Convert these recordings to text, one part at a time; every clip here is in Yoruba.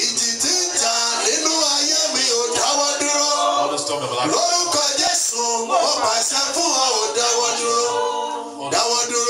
ìjì tí ń jà nínú lórúkọ Jésù mo pàṣẹ fún ọ ò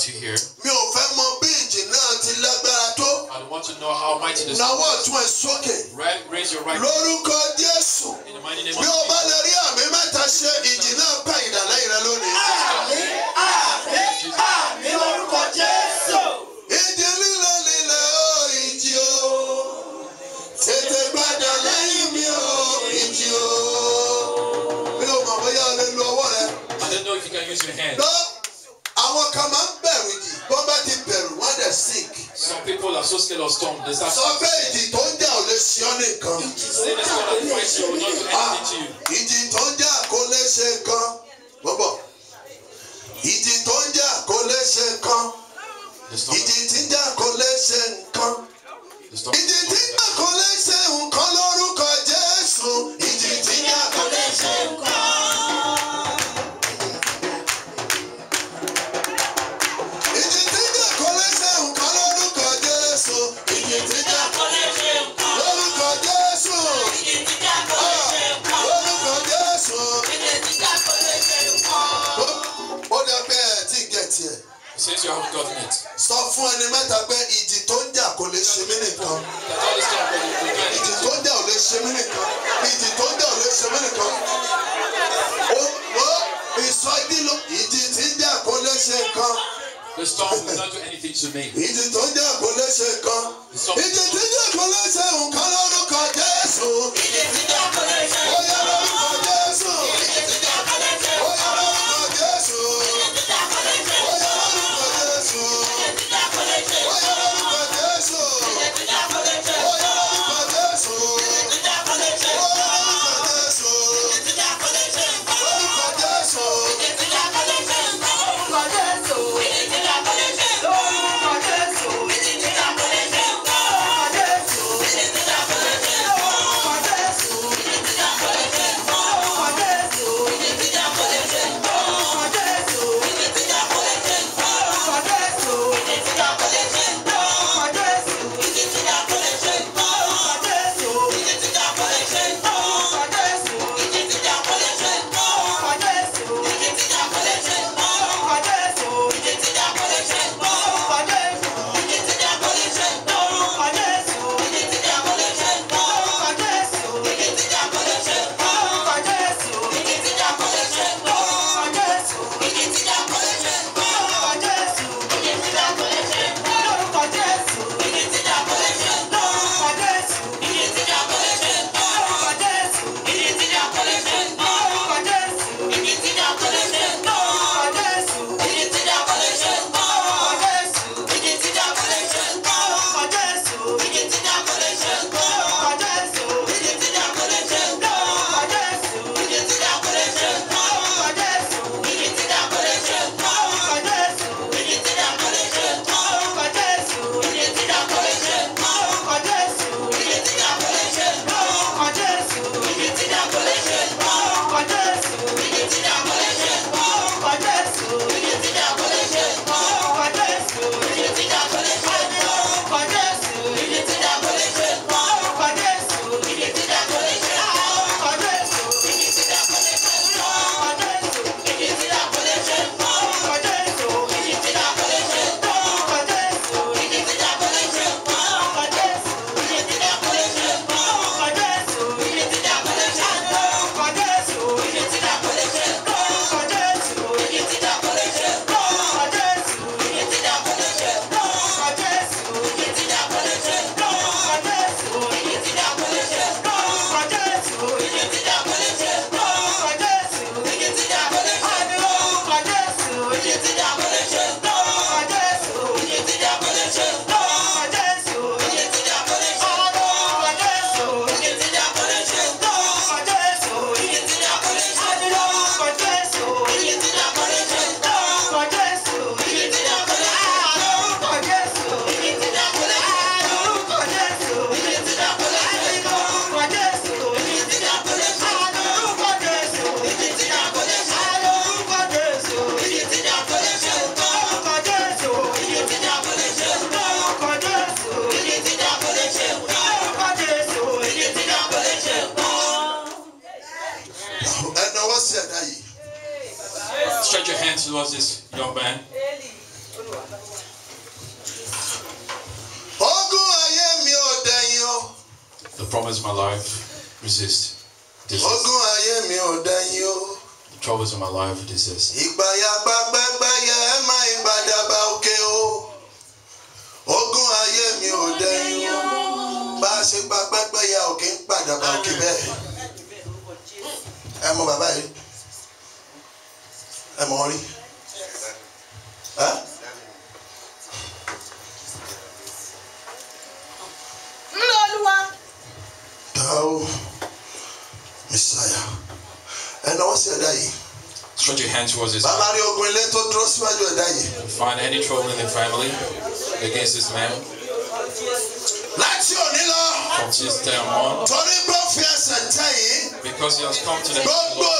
brought you here. Mi ò fẹ́ mọ bí ìjì ti lágbára tó. I want to know how mighty this is. Nawọ́ ọ̀tún ẹ̀ sókè. Raise your right. Lórúkọ Jésù. In Jesus. Bí o bá lè rí àmì mẹ́ta ṣe ìjì náà bá ìdàlẹ́ rẹ lónìí. Àmì àmì àmì lórúkọ Jésù. Ìjì líle líle o ìjì o. Tètè gbàdà lẹ́yìn mi o ìjì o. Mi ò mọ̀ bóyá o lè lo ọwọ́ rẹ. I don't know if you can use your hand. av søskenavsstånd. Sọ pé ìjì tó ń jà ò lè ṣe ọ́ nìkan. Ah, ìjì tó ń jà kò lè ṣe nǹkan. since you have gotten it. sọ fún ẹni mẹ́ta pé ìjì tó ń jà kò lè ṣe mí nìkan. ìjì tó ń jà ò lè ṣe mí nìkan. ìjì tó ń jà ò lè ṣe mí nìkan. ó wọ́n ìsọjí ló ìjì tí ń jà kò lè ṣe nǹkan. The storm will not do anything to me. ìjì tó ń jà kò lè ṣe nǹkan. ìjì tí ń jà kò lè ṣe nǹkan lọ́wọ́. was his young man. The promise of my life resist. The troubles of my life desist. ogun Huh? Nnọọluwa. Dao Messiah. Ẹna wọ́n ṣe ẹ̀dá yìí. Stretch your hands towards his. head. Find any trouble in the family against this man. Láti òní lọ. From this time on. Torí gbọ́ fi ẹsẹ̀ tẹ̀ yìí. Because he has come to the. Lord.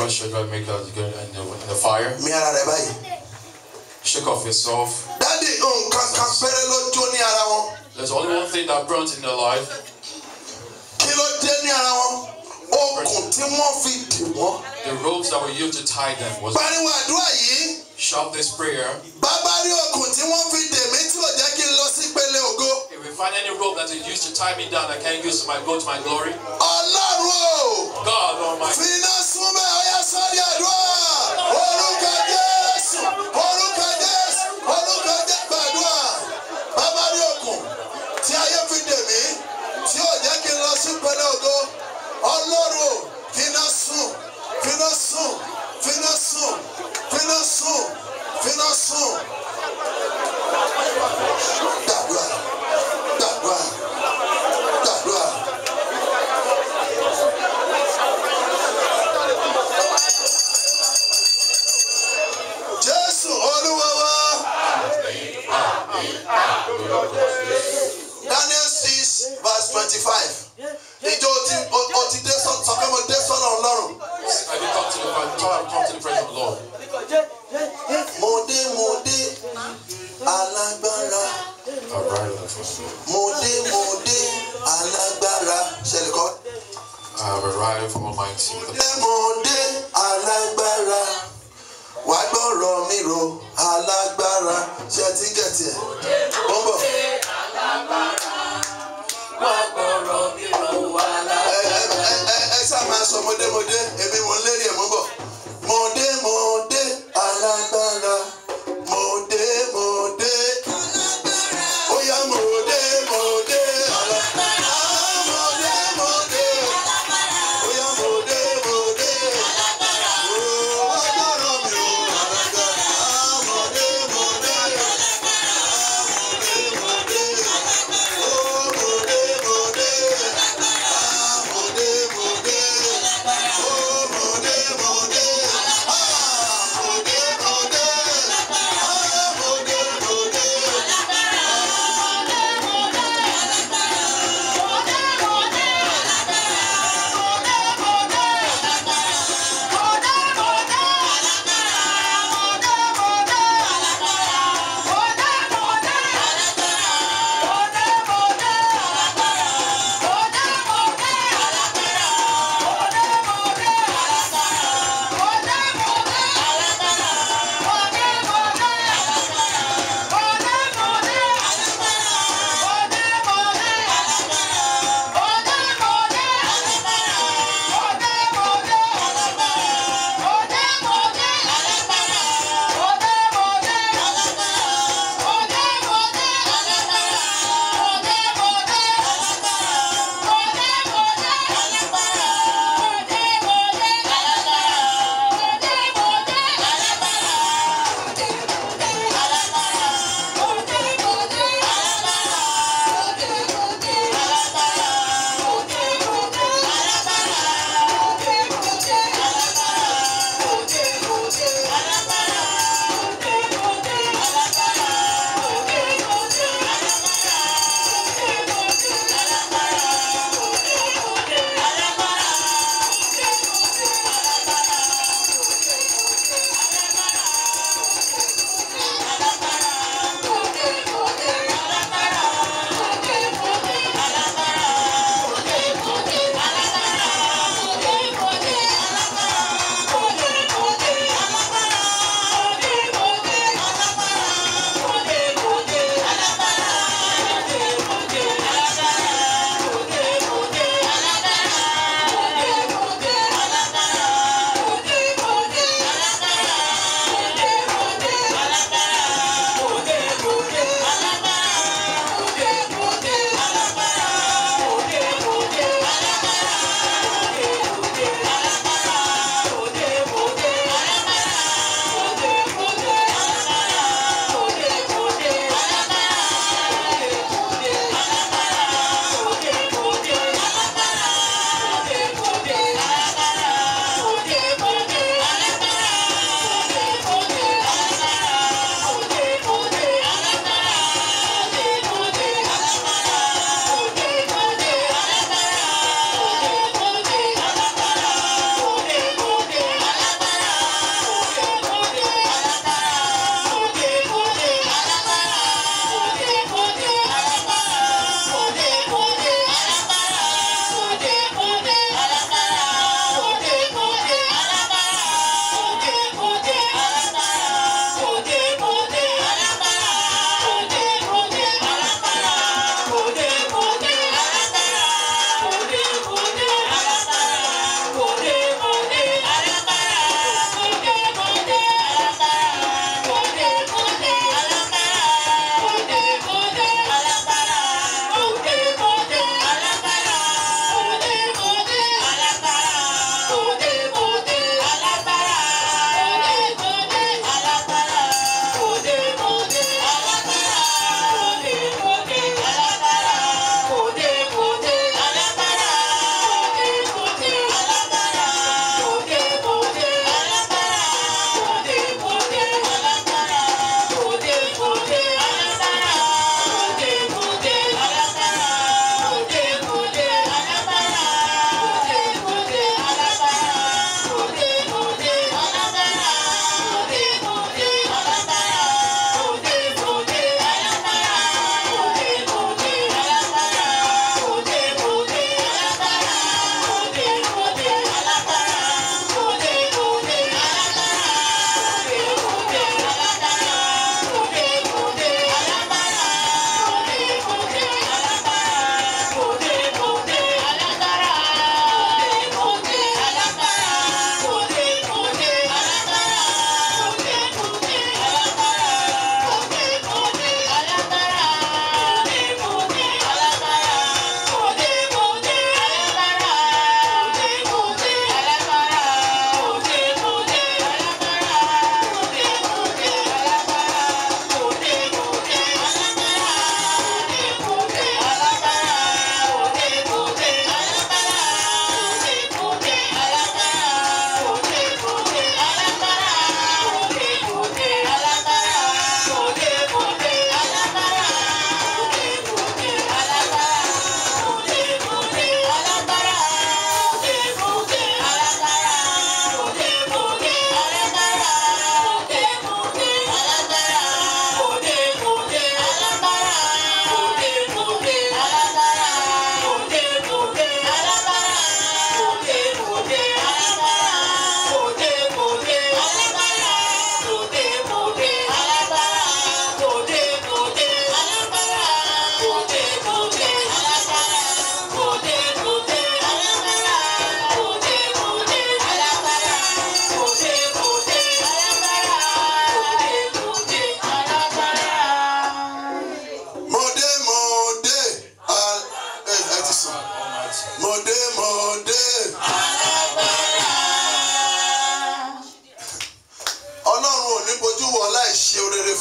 God shall God make in the, in the fire. Mi ara rẹ báyìí. Shake off yourself. Dádì nǹkan kan péré ló jó ní ara wọn. There only one thing that burns in their life. Kí ló dé ní ara wọn? Okùn tí wọ́n fi dì wọ́n. The ropes that were used to tie them was. Pariwo àdúrà yìí. Shout this prayer. Bàbá rí okùn tí fi dè mí tí ò jẹ́ kí n lọ pele ògo. If we find any rope that is used to tie me down, I can't use to my go to my glory. Ọlọ́run God Almighty. Fi iná sáré àdúrà orúkọ Jésù orúkọ Jésù orúkọ Jésù gbàdúrà bàbá rí òkun tí ayé fi dè mí tí ò jẹ́ kí n lọ Ọlọ́run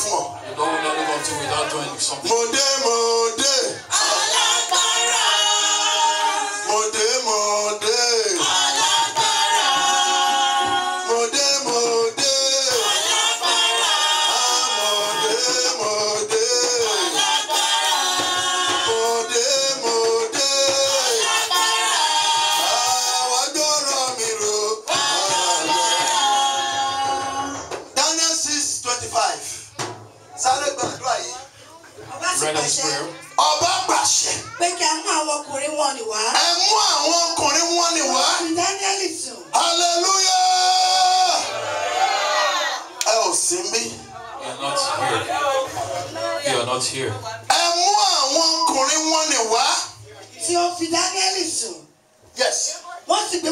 fún ọ. you don't know nothing without doing something. mo dé mo dé.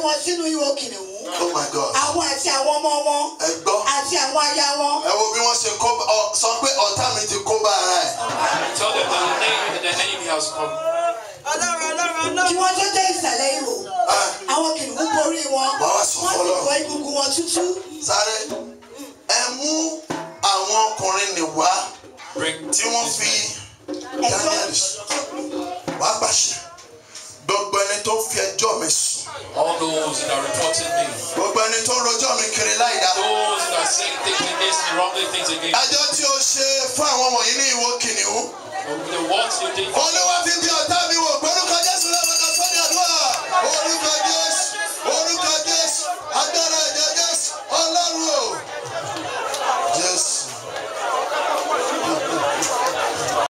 wọn sínú ihò kìnìún. oh my god. àwọn àti àwọn ọmọ wọn. ẹ gbọ́. àti àwọn aya wọn. ẹ wo bí wọ́n ṣe kó sọ pé ọ̀tá mi ti kó bá ara ẹ̀. tell them that the enemy the enemy has come. ọlọ́run ọlọ́run ọlọ́run. kí wọ́n tó dé ìsàlẹ̀ ihò. Ah. àwọn kìnìún borí wọn. wọ́n wá sọ fọlọ́. wọ́n ti kọ egungun wọn tútú. sáré ẹ mú àwọn ọkùnrin nìwá tí wọ́n fi Daniel wá pàṣẹ gbogbo ẹni tó fi ẹjọ́ mi sùn. all those that reported me. gbogbo ẹni tó rojọ́ mi kiri láìda. those that say saying things against me wrongly things against me. ẹjọ́ tí o ṣe fún àwọn wọ̀nyí ní ìwo kìnìún. the words you did. olúwa fi bí ọ̀tá mi wò gbórúkọ jésù lọ́wọ́ lọ sọ́dọ̀ àdúrà orúkọ